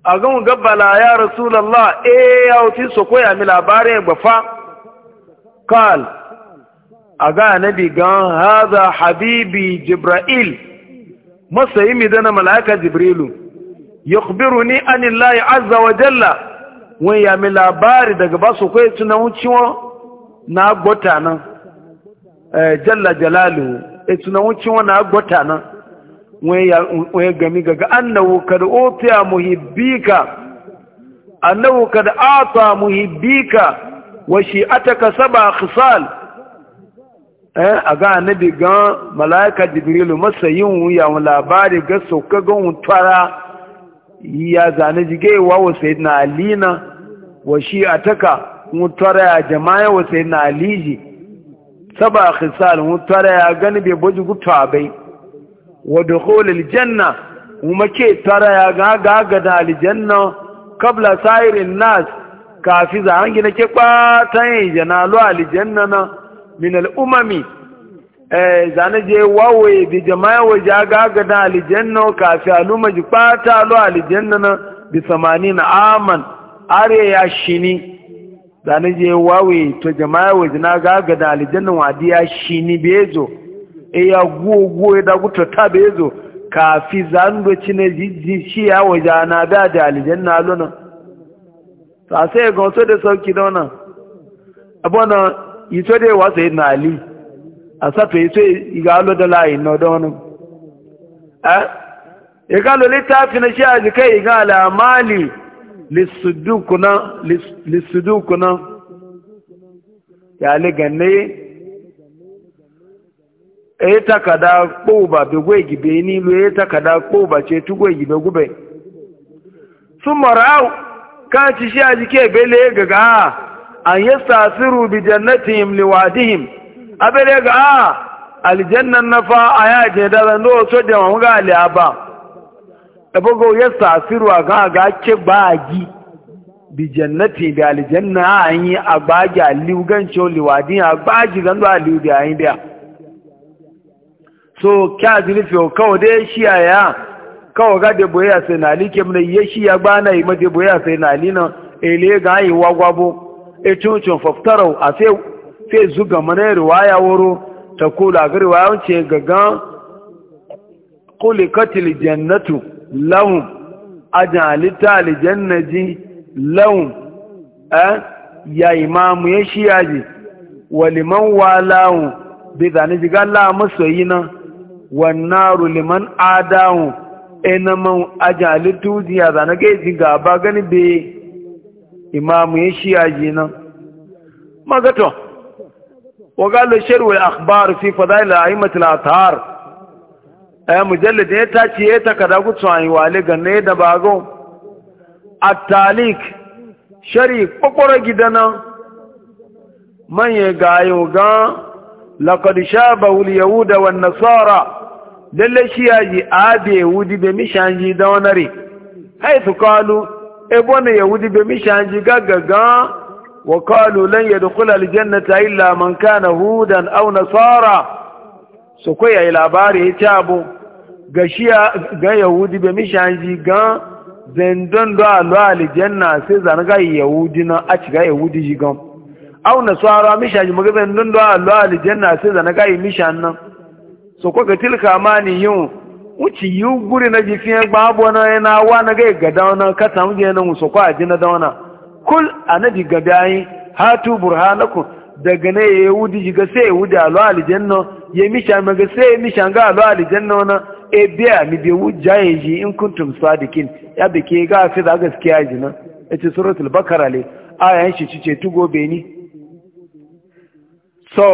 a gan gabbala ya rasulullah eh ya wuce so koya mi labarin ya gbafa kala a ga nabi gan haza habibi jibril masayi mi dana mala'ika jibrilu yukhbiruni anillahi azza wa jalla wọn ya mi labari daga ba su kai tuna wucewa na gota nan eh, jalla jalalu e eh, tuna wucewa na gota nan ya gami gaga annahu kad utiya muhibbika annahu kad ata muhibbika wa shi'ataka sab'a khisal Eh, a ga annabi gan mala'ika jibrilu masa yin yawon labari ga sauka ga wuntara ya zane jigewa wa na alina wa shi a taka wuntara ya jama'a wa na aliji saba a khisal wuntara ya gani bai baji guta bai wa dukholil janna kuma ke tara ya gaga ga da aljanna kabla sairin nas kafi za an gina ke kwatan yin janalu aljanna na min al'umami eh, zane je wawaye bi jama'a waje gaga na alijanna kafi aluma ji kwata lo alijanna aman are ya shini zane je wawaye to jama'a waje na gaga na shini bezo e ya gugu ya daguta ta bezo kafi zando cine jijji shi ya waje na da da alijanna lona ta sai ga da sauki da wannan ito dai wa sai na ali a sato ito iga lo da layi na da wani a iga lo littafi na shi a jikai iga alamali lissudukuna ya liganne e takada kpoba begwe gibe nilu e takada kpoba ce tugwe gibe gube sun mara'au kan ci shi a jike bele gaga an sasiru bi jannatihim liwadihim abere ga ah, a aljannan a aya ce da ran do so de wa ga le aba a yastasiru aga ga ke bagi bi jannati bi aljanna an yi abaji aliugancho liwadin abaji gan do aliu da ayin biya so kya zilifi o kawo dai shi aya kawo ga de boya sai na like mun ya shi ya gbana yi ma de boya sai na lina ele ga yi wagwabo e cuncun faftarau a sai zuga mana riwaya wuro ta kula ga riwaya wance gagan kulikatil jannatu lahum ajalita aljannaji lahum eh ya imamu ya shiyaji waliman walahum bi zane jiga la masoyina wannaru liman adahum enaman ajalitu ya zane ga gaba gani be imamu ya shiya jinan magato wagalar sharwar akbaru fi fadailar ahimatul atahar ɗaya mujallar da ya tace ya takada kutu a yi wale ganna ya daba gan atalik shari kwakwara gidanan manye ga yogan lakadisha bahul yahuda wa nasara lalle shiya ji abe wudi da mishan ji da wani rai haifu kalu ebo na yahudi be mi shanji gaggaga wa kalu lan yadkhula aljannata illa man kana hudan aw nasara so ko yayi labari ya tabu gashiya ga yahudi be mi shanji ga zendon do alu aljanna sai zanga yahudi na a ciga yahudi ji gan aw nasara mi shanji maga zendon do alu aljanna sai zanga yi mi nan so ko ga tilka mani yun wuce yi guri na jifiyan gbabo na na wa na gai ga dauna ka samu jiya na musu kwa ji na dauna kul a na ji gabi ayi hatu burhanaku daga ne ya yi wudi ji ga sai ya wudi alo alijanna ya misha ma ga sai ya misha ga alo alijanna na e biya mi bi wu jaye ji in kuntum sadikin ya bi ke ga fi da gaskiya ji na ya ce suratul bakara le ayan shi ci ce tugo beni so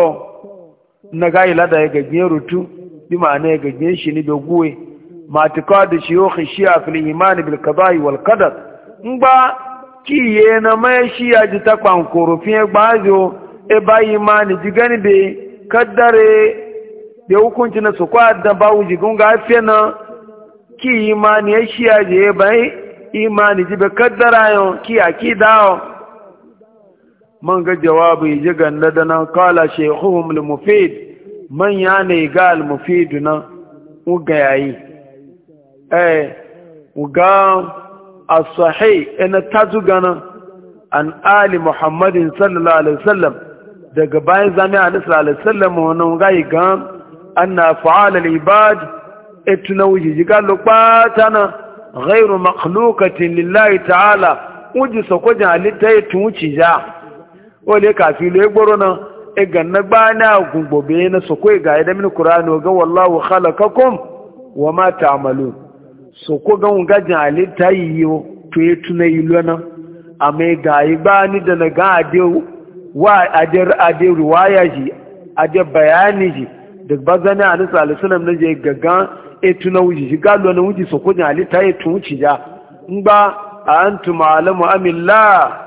na ga ila da ya gajiyar rutu bi ma'ana ga gaje shi ni da guwe matuka da shi yau shiya fil imani bil qada'i wal qadar in ba iye na mai shiya ji ta kwankoro fi ba zo e ba imani ji gani be kaddare da hukunci na su da ba wuji gun ga fiye na ki imani ya shiya ji e ba imani ji be kaddara yau ki akida man ga jawabi ji ganda da nan kala shekuhum al-mufid manya ne ga almufidu nan uga yayi eh uga as-sahih ina nan an ali muhammadin sallallahu alaihi wasallam daga bayan zamiya ali sallallahu alaihi wasallam wannan ga ga anna fa'al al-ibad itna wuji ga na ghairu makhluqatin lillahi ta'ala uji sokoja alitai tuci ja wale kafi le gboro na e ganna ba na gungbobe na su kai ga idan min qur'ani ga wallahu khalaqakum wa ma ta'malun su ko ga ga jali tayyo to e tunai lona amma ga ba ni da na ga ade wa ade ade riwaya ji ade bayani ji da bazana a nisa alisalam na je ga e tuna wuji ji ga na wuji su ko jali tayyo tun ci ja in ba antum alamu amillah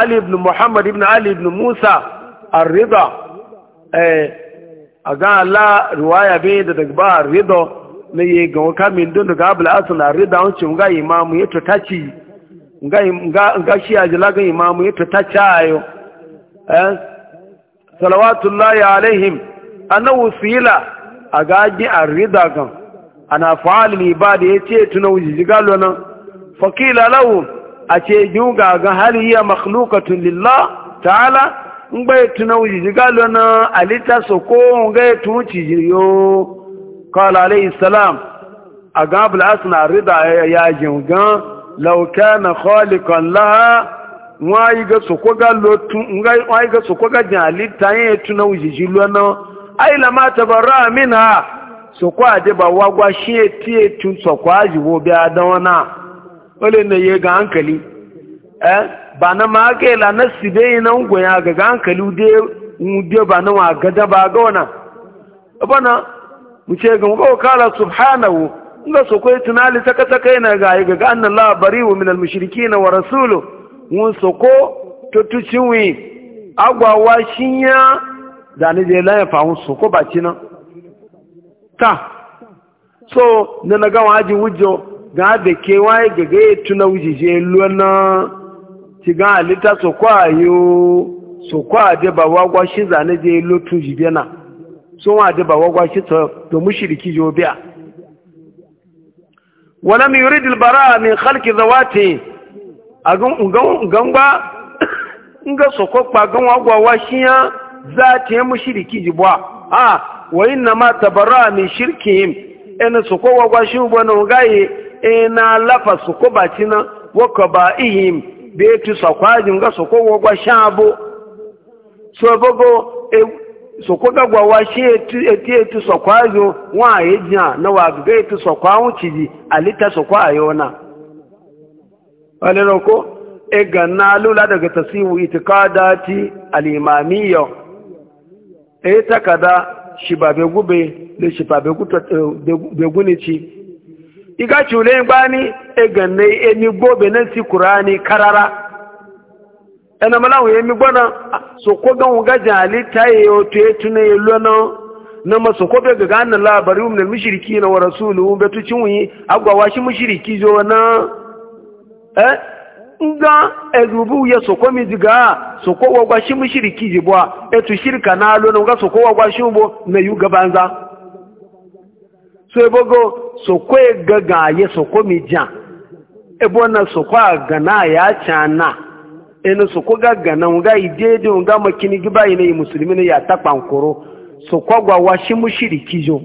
ali ibn muhammad ibn ali ibn musa al-Rida eh, a ga Allah riwaya bai da daga ba arrida na yi ga waka min don daga abu al'asun arrida ce ga imamu ya tutaci Nga shi a jila ga imamu ya tutaci ayo eh salawatullahi alaihim ana wusila a gaji rida kan ana ba da ya ce tuna wujiji galo nan fakila lahu a ce juga ga hali ya makhlukatun lillah ta'ala in bai tuna wuji galo na alita so ko ga tun ci yo qala alayhi salam agab al-asna rida ya jinga law kana khaliqan laha wai ga so ko galo tun ngai wai ga so ko ga alita yin tuna wuji jilo na ai lama tabarra minha so ko ade ba wagwa shi ti tun so ko ajiwo bi adona wale na ye ga hankali eh ba na ma ga la na sibe na ngo ya ga ga hankali de ude ba na wa ga da ba ga wana e bana mu ce ga ko kala subhanahu inga so ko tunali saka saka ina ga ga anna allah bari'u min al mushrikeen wa rasulu. mun so ko agwa agwawa shinya da ni je ya fa so ko ci na. ta so na na gawa aji wujo ga da kewaye gaga ya tuna wujije luwana ti ga alita so kwa yo so kwa de ba wagwa shi zane je lotu jibe na so wa de ba wagwa shi to to mushriki jo biya wala mi yurid al bara min khalqi zawati agun ngan ngan ba ga so ko pa gan wagwa wa shi ya zati mushriki jibwa a wa inna ma tabara min shirkihim ene so ko gwa shi bo na ugaye na-alafa su ko baci na waka ba ihim da sokwa ci sakwajin ga su ko gwagwa sha abu so bago e, su ko gagwawa shi etu ci sakwajin wa ya na wa ga sokwa ci sakwawun sokwa a lita sakwa a yona wani ko e ganna lula daga tasiwu itikadati al alimamiya. e takada shibabe gube da shibabe gutunici e, iga cule gbani eganne emi gobe nan si ni karara ana malawu emi gbona so ko gan uga jali taye o to etune na maso ko be ga annan labari min al mushrikin wa rasuluhu be tucin wi agwa washi zo na eh nga erubu ya soko mi diga soko wa gwashi mushriki etu shirika na lona nga soko gwa shi ubo na yuga banza so ebogo sokwa gaga ye sokwa mija ebo na sokwa gana ya chana eno sokwa gaga gana nga idede nga makini giba ine musulmi ya takpa nkoro sokwa gwa washi kijo mushirikijo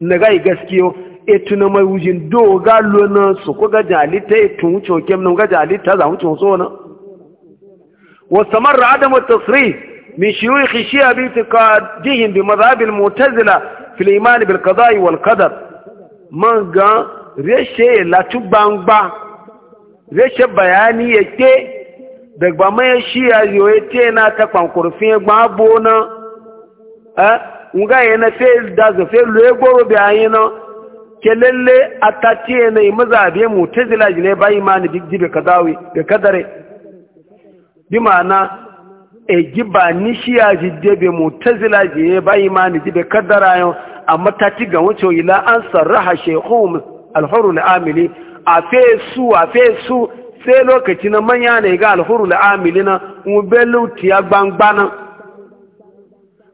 yi gaskiyo etuna mai wujin do ga lona sokwa ga jalita etun wucho kem na nga jalita za wucho so na wa samarra adamu tasrih min shuyukh shi'a bi taqadihim bi madhhab mutazila fil iman bil qada'i wal qadar man ga reshe la tu gbangba reshe bayani yake daga mai shi ya yoye te na ta kwankurfin gbabo na eh nga yana fe da ga fe lo egoro bi ayin na ke lalle mazabe mutazila ne bai bi egi ba nishiya jide be mutazila je ba imani jibe kaddara yau amma ta ga wuce ila an sarraha shekhu alhuru al'amili a fe su a fe su sai lokaci na manya ne ga alhuru al'amili na ubelu tiya gbangbana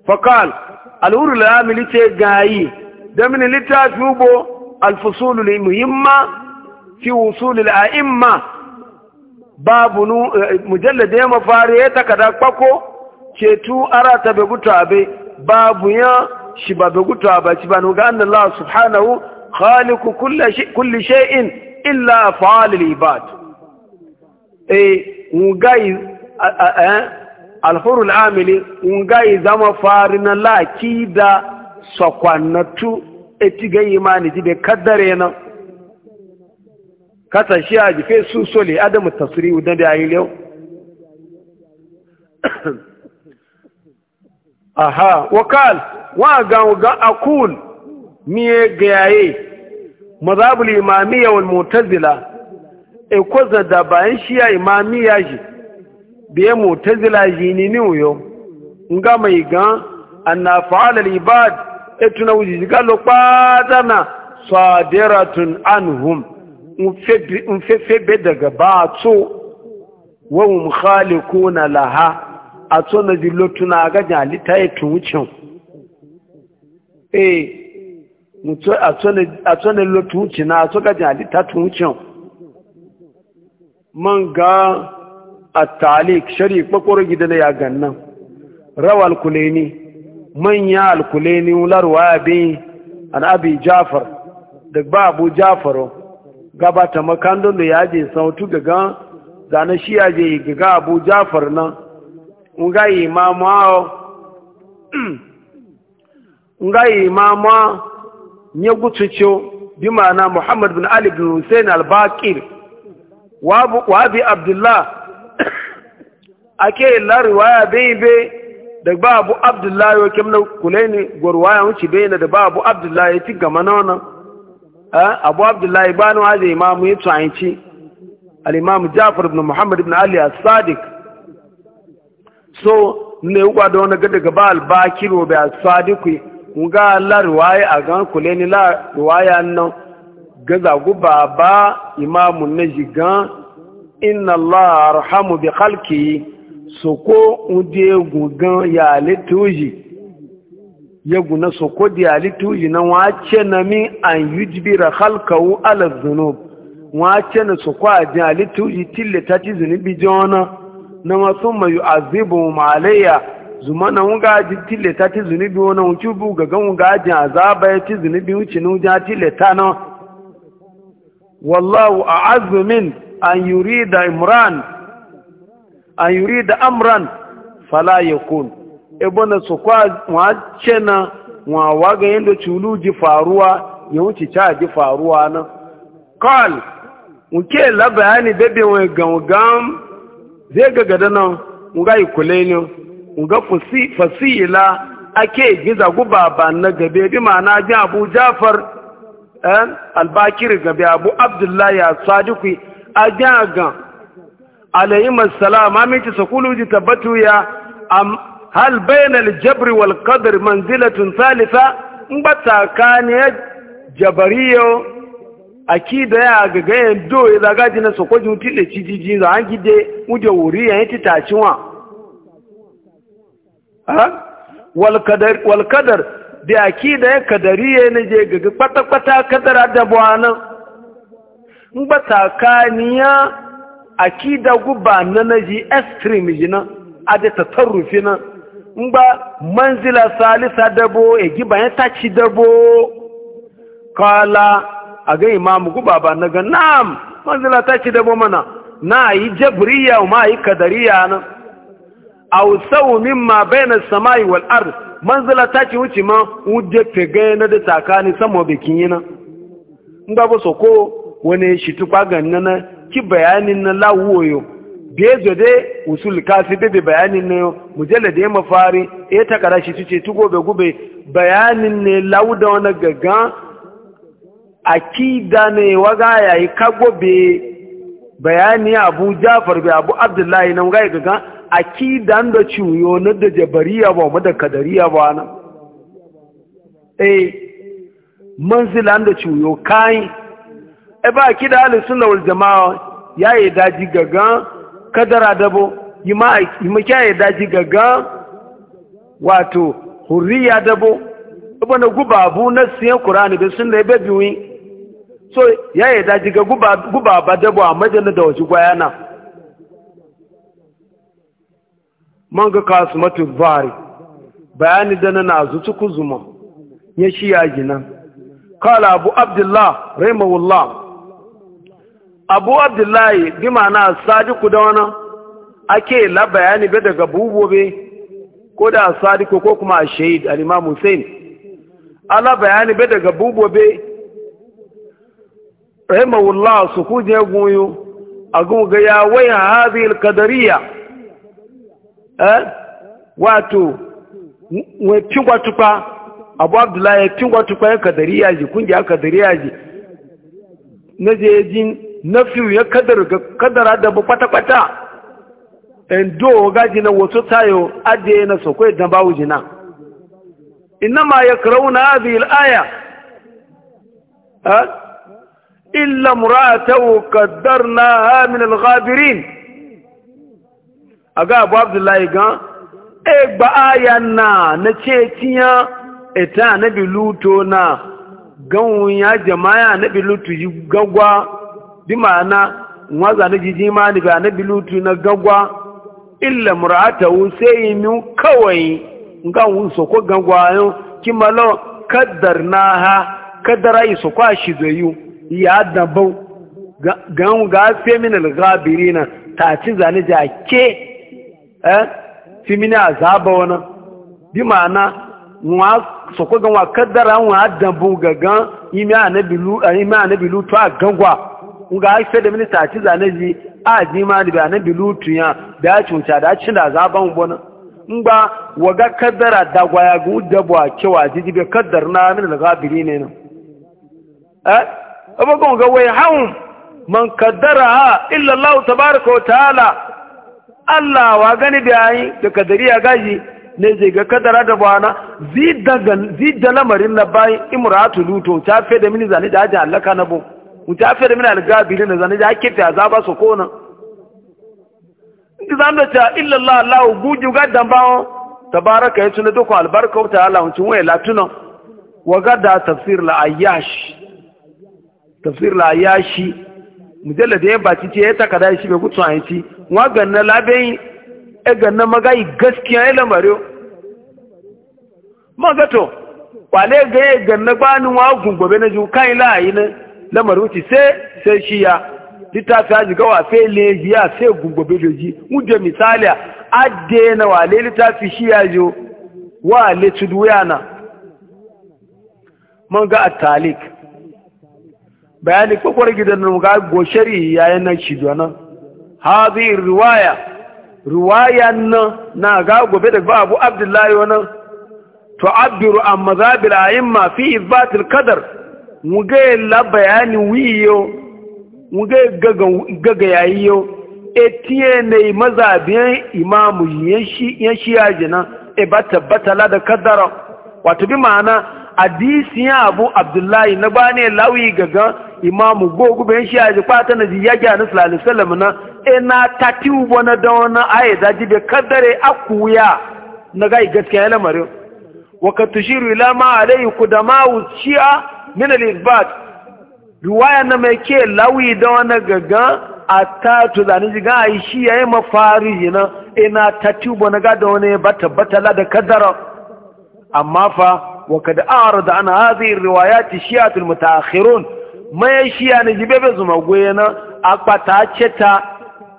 fakal alhuru al'amili ce gayi da mini littafi ubo alfusulu muhimma fi wusulul a'imma babu nu eh, mujallada ya mafari ya takada kwako cetu ara ta begutu abe babu ya shi ba begutu abe ci ba nuga annan Allah subhanahu khaliku kulli shay'in illa af'alul ibad eh ngai eh, alhurul amili ngai zama fari na laki da sokwanatu etigai imani jibe kaddare nan kasa shi a jife su sole adamu tasiri wudan da yayi yau aha wakal wa ga ga akul miye gayaye mazhabul imamiyya wal mu'tazila e koza da bayan shi ya imamiyya ji biye mu'tazila ji ni ni uyo nga mai gan anna fa'ala al ibad etuna wuji ga lo patana sadiratun anhum in fefebe daga ba a to wawon khaliku na laha a tso na zilotu na agajin halitta ya tuwucin eh a tso na lotu wuce na a tso gajin halitta tuwucin man ga a talik shari kwakwaro gida na ya gannan rawa alkuleni manya alkuleni larwa abin an abi jafar da ba abu jafaro gabata makandun da ya je sautu gaga zane shi ya je gaga abu jafar nan nga imamu aho <clears throat> nga imamu nye gutucho bi ma'ana muhammad bin ali bin hussein al-bakir wa bi abdullah <clears throat> ake lari waya bai bai da ba abu abdullah yau kemna kulai kule ne gwarwaya wuce bai da ba abu abdullah ya ci gama na wannan Eh, abu abdullahi banu hazi imamu ya tsanci al'imamu jafar ibn muhammad ibn ali as-sadiq so ne uwa da wani gada gaba albakir wa bai sadiq ga la ruwaya a gan kule ni la ruwaya nan gaza guba ba imamu na jigan inna allah arhamu bi khalqi so ko ya lituji ya guna su ko diyalitu ina wace na min an yujbira halkawu ala zunub wace na Soko su kwa diyalitu itille ta ci zunubi jona na masu mai azibu malayya zuma na wuga ji tille ta ci zunubi wani wuce bu ga gan wuga ji azaba ya ci zunubi wuce na wuce tille ta na wallahu a azumin an yuri da imran an yuri da amran fala yakun ebona su kwa cena na wawa ga yadda culu ji faruwa ya wuce ta ji faruwa na kal nke la bayani bebe wani gangan zai ga gada nan nga yi kule ne nga fasila ake giza guba ba na gabe bi ma'ana jin abu jafar eh, albakir gabe abu abdullahi a sadiku a ga alayhi masalam aminci sakulu ji tabbatu ya hal bainal jabri wal qadr manzilatun thalitha in ba tsakanin jabariyo akida ya gaga yin do ya zaga jina su kwaji mutu da cijiji za an gide wuje wuri ya yi titacin wa wal kadar da akida ya kadari ne je gaga kwata-kwata kadara da buwanan in ba tsakaniya akida guba na naji extreme jina a da tattarrufi na ngba manzila salisa dabo giba ya Tachi dabo kala a imamu guba baba na'am manzila Tachi dabo mana na yi jabriya ma yi kadariya na aw sau mimma bayna samai wal ard manzila Tachi wuce ma wuje pega na da takani sama bikin yana ngba bo soko wani shi tukwa ganna na ki bayanin na lawuwo bezo de usul kasi bebe bayanin ne mujalla da ya mafari E, takara shi tuce tu gobe gube bayanin ne lauda wani gaggan akida ne waga yayi kago be bayani abu jafar be abu abdullahi nan ga gaggan akida da ciwo na da jabariya ba mu da kadariya ba nan eh manzila da ciwo kai e ba akida ahlus sunna wal jamaa yayi daji gaggan kadara dabo yi yima kyaye daji gaga wato hurriya dabo ibana gubabu na siyan qur'ani da sunna be biwi so yaye daji ga guba guba ba dabo a majalisa da waje gwayana manga kasmatu bari bayani da na zuci kuzuma ya shi ya gina kala abu abdullah rahimahullah abu abdullahi bi ma'ana sadiku da wani ake la bayani be daga bubobe ko da sadiku ko kuma shahid al-imam hussein ala bayani be daga bubobe rahimahullah su kuje goyo a ga ya wai hadhihi al-qadariyya eh wato wa tingwa tupa abu abdullahi tingwa tupa ya qadariyya ji kungiya qadariyya ji na je jin nafiyu ya kadara da bu kwata-kwata endo gaji na wato tayo ajiye na sokwai da bawu ina ma ya karauna hadhihi al-aya ha illa imra'atahu na hamin al a aga abu abdullahi gan e gba aya na na ce tiya eta na biluto na ganwun ya jama'a na biluto yi gagwa bi ma'ana waza na jiji ma ni ga na bilutu na gagwa illa mur'atahu sai mi kawai ga wuso ko gagwa yo kimalo kaddarnaha kadara isu kwa shi zayu ya dabo ga ga femin al-ghabirina ta ci zani ja ke eh fimini azaba wana bi ma'ana wa so ko gan wa kaddara wa dabu gagan imi anabilu eh, imi anabilu to agangwa nga haife da minista ci zane ji a ji ma da na ya da cuta da ci da zaban gona in ba waga kaddara da gwaya gu da bwa kewa ji ji kaddar na min da gabiri ne na. eh abu ga ga wai haun man kaddara ha illa Allah tabaaraka wa ta'ala Allah wa gani da yi da ya gaji ne zai ga kadara da bwana zidda zidda lamarin na bayin imratu luto ta fe da mini zane da ji halaka na bu mutafir min al-gabilin da zane ja kifi azaba su kona ndi zan da ta illa Allah Allah guju gaddan bawo tabaraka ya tuna duka albarka ta Allah mun waye latuna wa gadda tafsir la ayash tafsir la ayashi mujalla da ya baci ce ya takada shi bai gutsu an ci wa ganna labe e ganna magai gaskiya ya lamariyo magato kwale ga ganna bani wa gungube na ju kai la yi ne na maruti sai sai shiya dita ta ji gawa sai lejiya sai gungobe doji muje misali adde na wale fi shiya jo wa le tuduya man ga atalik bayani kwakwar gidan nan ga goshari yayin nan shi nan hadhihi riwaya riwayan nan na ga gobe da babu abdullahi wannan تعبر عن مذاب الأئمة في إثبات القدر wuge la bayani wiyo wuge gaga yayiyo etie ne mazabin imamu yeshi yeshi jina e bata bata la da kadara wato bi ma'ana hadisi ya abu abdullahi na bane lawi gaga imamu gogu ben shi aji kwata na jiya ga nabi sallallahu alaihi wasallam na e na tati ubo na da wani da ji da kadare akuya na ga gaskiya lamarin wa katushiru ila ma alayhi kudama shi'a min al riwaya na mai ke lawi da wani gaga a ta ji jiga a yi shi ya yi mafari na ina ta tubo na gada wani bata batala da kadara amma fa wa kada a'ar da ana hazi riwayati shi'atul mutaakhirun mai shiya ne jibe be zuma goye na ce ta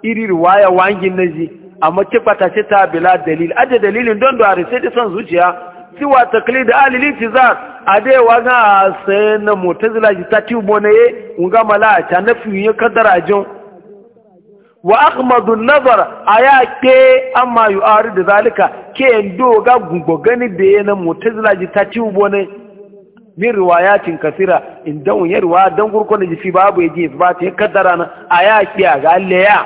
iri riwaya wangin naji amma ce kpata ta bila dalil aje dalilin don da a risai son zuciya siwa taklid ahli litizar adewa ga sai na mutazila ji ta ci unga mala ta nafi ya kadara jin wa akhmadu nazar aya ke amma da zalika ke ndo ga gungo gani da yana mutazila ji ta ci bane? min riwayatin kasira inda un riwaya dan gurkon da jifi babu ya je ba ta kadara na aya ke ga Allah ya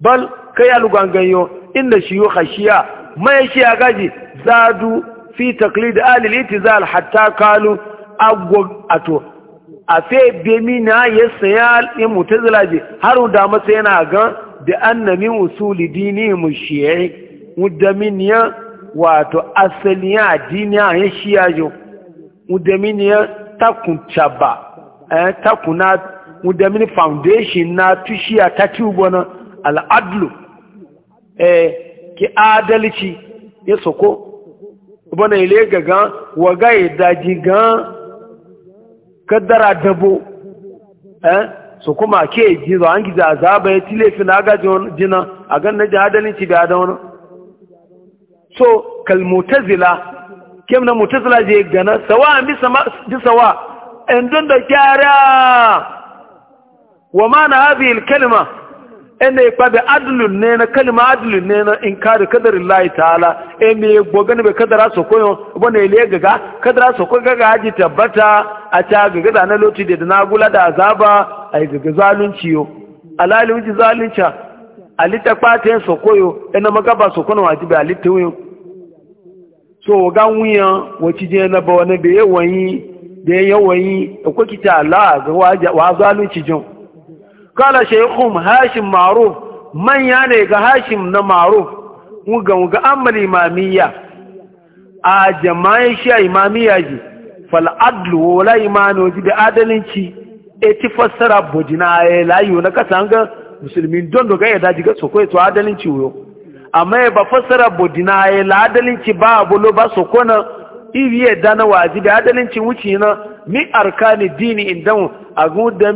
bal kai alugangan yo inda shiyu khashiya mai shi gaji zadu fi taklid ahli litizal hatta kalu agwa ato a fe bemina ya saya ya mutazila bi har da masa yana ga da min usuli dini mu shi'i mudaminiya wato asaliya dini ya shiya yo mudaminiya takun chaba eh takuna mudamini foundation na tushiya ta tubona al-adlu eh ki adalci ya soko bana ile gaga waga ya daji gan kaddara dabo eh su kuma ke ji zo an gida azaba ya fi na wani jina a gan na hadalin ci da da wani so mutazila kem na mutazila je gana sawa bi sama bi sawa en dun da kyara wa ma na hadhihi al kalima ene be adlun ne na kalima adlun ne na inkar kadar layi ta'ala e me gani bai kadara su koyo ne ile gaga kadara su koyo gaga haji tabbata a ta gaga da na loti da na gula da azaba ai gaga zalunci yo alali wuji zalunci ta kwata su koyo ina magaba su kono wajibi ta wuyo so ga wuya wati je na ba wani be yawayi da yawayi akwai kita Allah ga wa zalunci jin kala shaykhum hashim ma'ruf manya ne ga hashim na ma'ruf muga ga amali imamiyya a jama'in shi imamiyya ji fal adlu wala imanu ji da adalinci e ti fassara bujina ya layu na kasanga musulmin don doga ya daji ga to adalinci wuyo amma ba fasara bodina ya la adalinci ba bulo ba sokona iri ya dana wazi da adalinci wuci na mi arkani dini indan agun da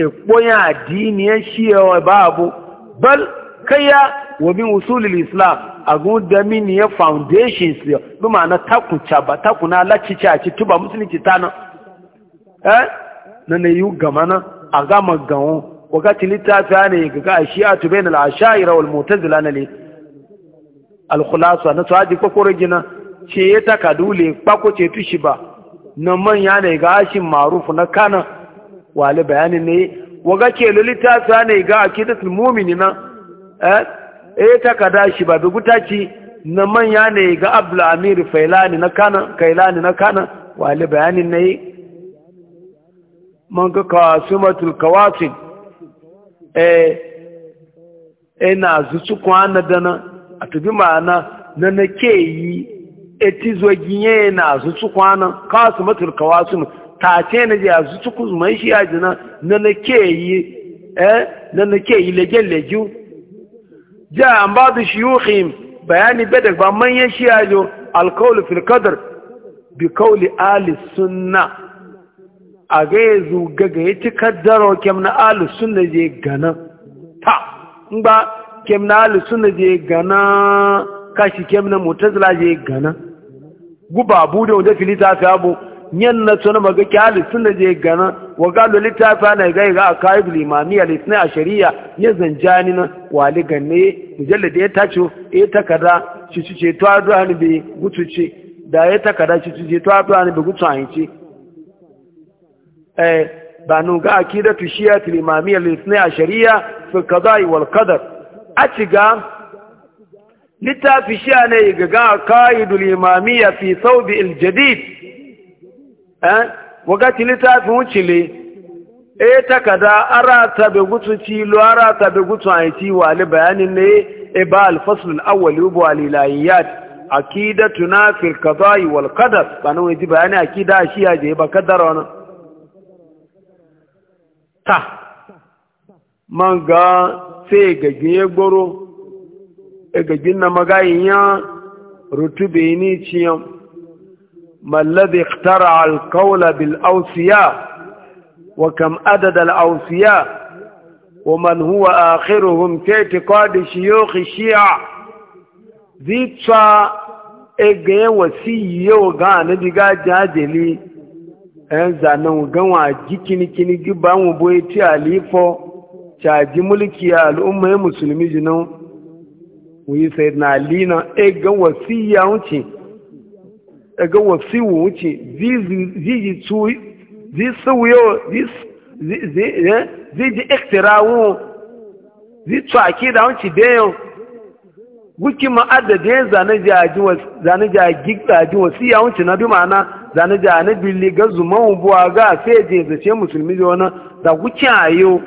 ikpoya e addini ya shiyawa babu bal kayya wa min usulil islam agun da min ya foundation ya bi ma'ana takuca ba takuna a ci tuba musulunci ta nan eh na ne yu gama na a gama gawon wakati littafi ne ga shi'a tu bainal ashaira wal mu'tazila ne al khulasa na tsaji kokore gina ce ya takadule kpako ce tushi ba na manya ne ga ashin maruf na kana wale bayanin ne waga ke lolita ta ne ga akidatul mu'minina eh eh kada shi ba bi gutaci na manya ne ga abdul amir failani na kana kailani na kana wale bayanin ne man ka kasumatul kawatin eh ina eh, zuci kwana dana a tubi ma'ana na nake yi ginye na zuci kwana kasumatul kawatin tace na je azu ci zuman shi ya jina na na ke yi eh na na yi lege lege ja an ba da shiyukhim bayani bedek ba manyan shi ya jo alqawl fil qadr bi qawli Ali sunna a ga yanzu gaga ya ci kaddaro kem na ahli sunna je gana ta in ba kem na ahli sunna je gana kashi kem na mutazila je gana guba da wanda filita fi abu yan na suna maga kyali suna je gana wa galo littafi ana gai ga akayi limami a lisni a shari'a ya zanjani na wali gane Mujalla da ya tacho ya takada shi ci ce tuwa duwa ni bai gutu da ya takada shi ci ce tuwa duwa ni bai gutu a yanci eh ba nu ga akida tu shiya tu limami a lisni a shari'a fi kaza wal kadar a ci ga littafi shi ne ga ga akayi Limamiya fi saubi il jadid wakati littafin wucile e takada ara be gutu lo ara be gutu a yi wale bayanin ne e ba awwal awwali ubu alilayiyat akida tuna fil qada'i wal qadar bana wai bayani aqida shi ya je ba kadar wannan ta manga sai gage goro e gagin na magayin ya rutube ni ciyan ما الذي اخترع القول بالأوصياء وكم عدد الأوصياء ومن هو آخرهم في اعتقاد شيوخ الشيعة ذيتشا ege wasi yau ga na diga jajeli ɗan zanen ganwa jikinikini giba mu boye ti alifo caji mulki a al'ummai musulmi jinan wuyi sayid na alina ege wasi ya wuce ga wasi wuce zai tsuyi zi zai zi ji iktirawu zi eh, tsaki da wuce wanci dayan wuki ma adadin zane jagi ya wuce na bi ma'ana zane jane billi ga zuman buwa ga sai je zace musulmi da wani da wuce a yau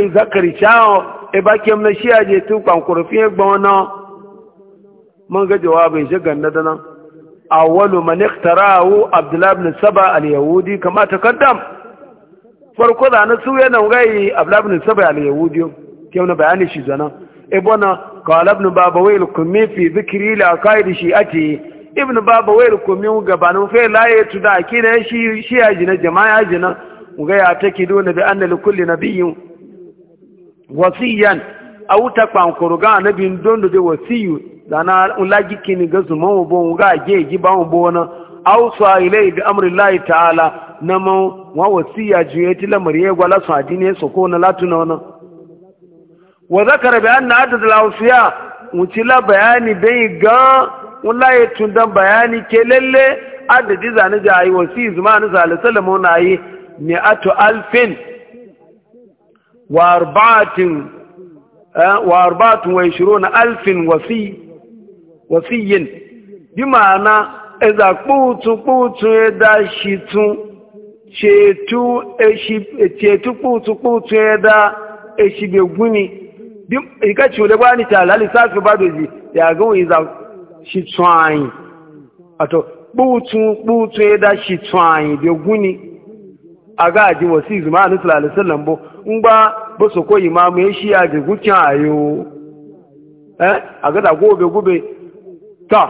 yi zakari shawo e ba kem na shi a je tukwan kurfi na man ga jawabin ganda na nan awwalu man iqtarahu abdullah ibn saba al-yahudi kama takaddam farko da na su yana gai abdullah ibn saba al-yahudi ke wani bayani shi zana ibona e qala ibn babawai al-kummi fi dhikri la qaidi shi'ati ibn babawai al-kummi gabanin fa la yatu da akina shi shi ajina jama'a ajina ga ya take dole bi anna likulli nabiyyin wasiyan aw taqan qur'an nabiyyin don da wasiyu dana ulagi kini ga zuman bon ga ge gi ba bona na awsa ile ga amri llahi ta'ala na ma wa wasiya ju ti lamar ye gwala su adine so ko na latuna wana wa zakara bi anna adad al awsiya mutila bayani bai ga wallahi tun dan bayani ke lalle adadi zani da ayi wasi zuman sallallahu na yi ato alfin wa arba'atin eh, wa arba'atun wa na alfin wasi wasiyin bi ma'ana eza kputu kputu eda shitun cetu cetu e kputu kputu eda eshibe guni ika ci wule ba ni ta lali safi ba dozi ya ga wani za shi tsayin ato kputu kputu eda shi tsayin be guni a ga ji wasu izuma e eh, a nutula alisar lambo in ba ba su ko shi ayo a ta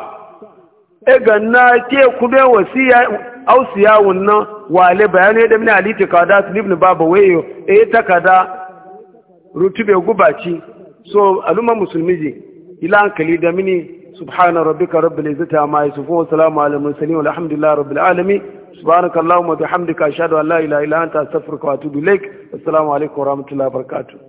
ega na ke kube wasiya ausiya wannan wale bayanai da mini aliti kada su libni babu wayo e ta kada rutube gubaci so al'umma musulmi ji ila hankali da mini subhana rabbika rabbil izzati amma yasifun wa salamu ala mursalin walhamdulillahi rabbil alamin subhanakallahumma bihamdika ashhadu an la ilaha illa anta astaghfiruka wa atubu ilaik assalamu alaykum wa rahmatullahi wa barakatuh